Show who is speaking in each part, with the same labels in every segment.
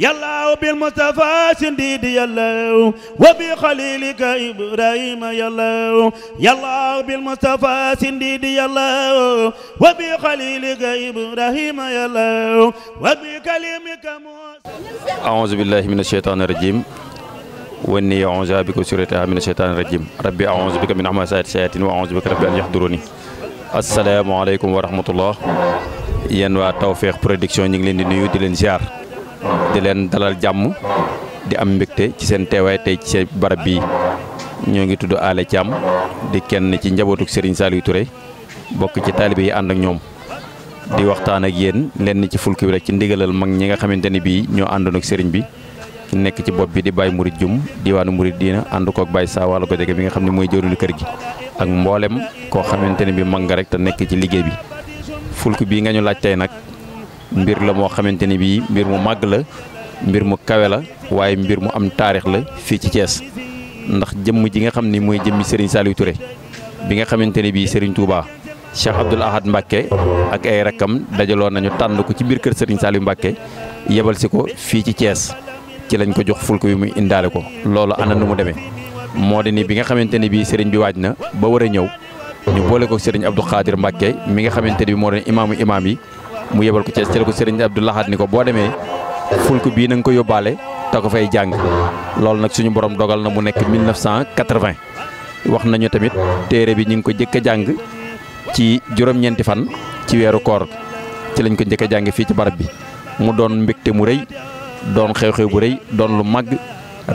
Speaker 1: يلا بالمصطفى سنديدي يلا وبخليلك إبراهيم يلا يلا بالمصطفى سنديدي يلا وبخليلك إبراهيم يلا وبكلمك موسى أعوذ بالله من الشيطان الرجيم وإني أعوذ بك وسورتها من الشيطان الرجيم ربي أعوذ بك من حماسات الشياطين وأعوذ بك ربي أن يحضروني asalaamaaleykum wa rahmatullah yéen waa Tawfekh Production ñu ngi leen di nuyu di leen ziar di leen dalal jàmm di am mbëgte ci seen teewaay tey ci seen barab bii ñoo ngi tudd Alé Thiam di kenn ci njabootuk Serigne Saliou ture bokk ci taalibe yi ànd ak ñoom di waxtaan ak yéen lenn ci fulki bi rek ci ndigalal mag ñi nga xamante ni bii ñoo àndoon ak sëriñ bi ki nekk ci bopp bi di Baye Mouride Dioum diwaanu Mouride diina ànd koog Baye Sa wala ko jege bi nga xam ne mooy jëwriñu kër gi ak mbooleem koo xamante ne bi mag nga rek te nekk ci liggéey bi fulki bii nga ñu laaj nag. mbir la moo xamante ni bii mbir mu màgg la mbir mu kawe la waaye mbir mu am taarix la fii ci cees ndax jëmm ji nga xam ni mooy jëmmi Serigne Saliou Touré bi nga xamante ni bii Serigne Touba Cheikh Abdoul Ahad Mbacké ak ay rakkam dajaloo nañu tànn ko ci biir kër Serigne Saliou Mbacké yebal si ko fii ci cees ci lañ ko jox fulku bi mu indaale ko loolu ana nu mu demee moo di ni bi nga xamante ni bii sëriñ bi waaj na ba war a ñëw ñu boole ko Serigne Abdou Khadir Mbacké mi nga xamante ni bi moo doon imaamu imaam mu yebal ko Thiès ci la ko sëriñ Abdou Lahad ni ko boo demee fulku bii na ko yóbbaale te ko fay jàng loolu nag suñu borom dogal na mu nekk 1980 wax nañu tamit téere bi ñu ngi ko njëkk a jàng ci juróom-ñeenti fan ci weeru koor ci lañ ko njëkk a jàng fii ci barab bi mu doon mbégte mu rëy doon xew-xew bu rëy doon lu mag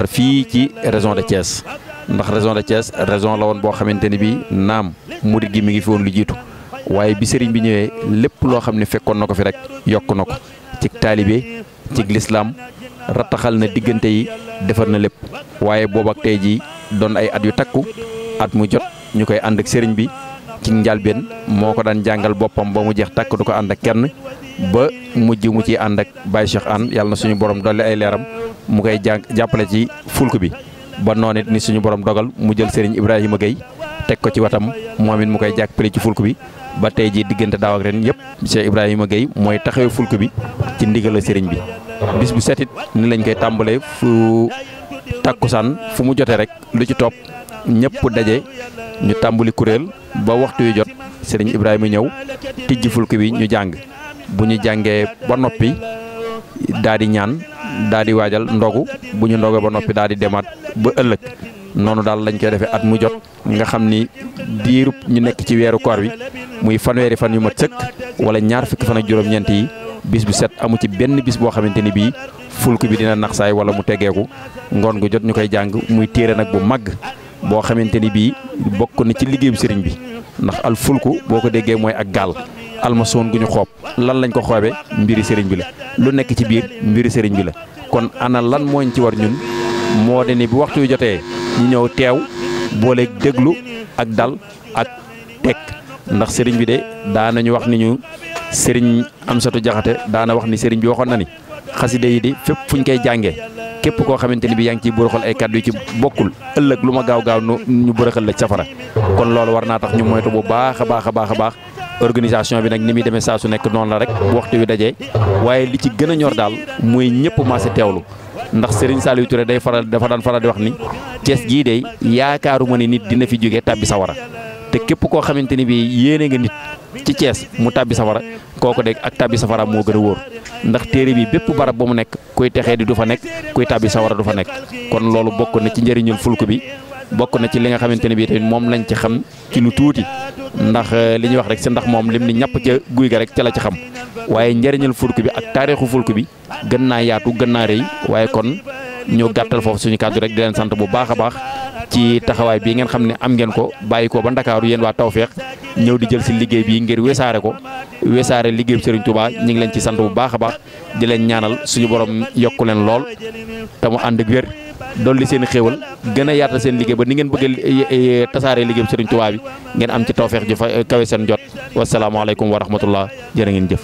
Speaker 1: fii ci région de Thiès ndax région de Thiès région la woon boo xamante ni bii naam mu gi mi ngi fi woon lu jiitu. waaye bi sëriñ bi ñëwee lépp loo xam ne fekkoon na ko fi rek yokk na ko cig taalibe cig lislaam rattaxal na diggante yi defar na lépp waaye boobu ak tey jii doon ay at yu takku at mu jot ñu koy ànd ak sëriñ bi ci njàlbeen moo ko daan jàngal boppam ba mu jeex takk du ko ànd ak kenn ba mujj mu ciy ànd ak Baye Cheikh Anne yàlla na suñu borom dolli ay leeram mu koy jàng jàppale ci fulk bi ba noone it ni suñu borom dogal mu jël sëriñ Ibrahima Gueye teg ko ci watam moom it mu koy jàppale ci fulk bi ba tey jii diggante daaw ak ren yëpp Cheikh Ibrahima Gueye mooy taxawee fulk bi ci ndigal sëriñ bi. bis bu setit ni lañ koy tàmbalee fu takkusaan fu mu jotee rek lu ci topp ñëpp daje ñu tàmbali kuréel ba waxtu jot sëriñ Ibrahima ñëw tijji fulk bi ñu jàng bu ñu jàngee ba noppi daldi ñaan daal di waajal ndogu bu ñu ndogee ba noppi daal di demaat ba ëllëg. noonu daal lañ koy defee at mu jot nga xam ni diirub ñu nekk ci weeru koor wi muy fanweeri fan yu ma sëkk wala ñaar fukki fan ak juróom-ñeent yi bis bu set amu ci benn bis boo xamante ni bii fulk bi dina naxsaay wala mu tegeeku ngoon gu jot ñu koy jàng muy téere nag bu màgg boo xamante ni bii bokk na ci liggéeyu sëriñ bi ndax al fulku boo ko déggee mooy ak gaal almasoon gu ñu xoob lan lañ ko xoobe mbiri sëriñ bi la lu nekk ci biir mbiri sëriñ bi la kon ana lan mooñ ci war ñun moo de ni bu waxtu jotee ñu ñëw teew booleeg déglu ak dal ak teg ndax sëriñ bi de daanañu wax ni ñu sëriñ Amsatu Jaxate daana wax ni sëriñ bi waxoon na ni xaside yi di fépp fuñ koy jàngee képp koo xamante ni bi yaa ngi ciy buruxal ay kàddu yu ci bokkul ëllëg lu ma gaaw gaaw ñu buruxal la safara kon loolu war naa tax ñu moytu bu baax a baax a baax a baax organisation bi nag ni muy demee saa su nekk noonu la rek waxtu wi daje waaye li ci gën a ñor daal muy ñëpp maase teewlu ndax Serigne Saliou Touré day faral dafa daan faral di wax ni Cees gii de yaakaaruma ne nit dina fi jóge tàbbi sawara te képp koo xamante ni bii yéene nga nit ci Cees mu tàbbi sa safara kooku deg ak tàbbi safara moo gën a wóor ndax téere bi bépp barab ba mu nekk kuy texee di du fa nekk kuy tàbbi sa sawara du fa nekk kon loolu bokk na ci njëriñul fulku bi bokk na ci li nga xamante ne bii tamit moom lañ ci xam ci lu tuuti ndax euh, li ñu wax rek si ndax moom lim ni ñàpp ca guy ga rek ca la ci xam waaye njëriñul fulku ak taarixu bi gën ñëw gàttal foofu suñu kàddu rek di leen sant bu baax a baax ci taxawaay bii ngeen xam ne am ngeen ko bàyyi ko ba ndakaaru yéen waa Tawfekh ñëw di jël si liggéey bi ngir wesaare ko wesaare liggéey Serigne Touba ñu ngi leen ci sant bu baax baax di leen ñaanal suñu borom yokku leen lool te mu ànd ak wér dolli seen xéewal gën a yaatal seen liggéey ba ni ngeen bëgg eh, eh, tasaare liggéey Serigne Touba bi ngeen am ci Tawfekh ju fa kawe seen jot wasalaamaaleykum wa rahmatullah jërë ngeen jëf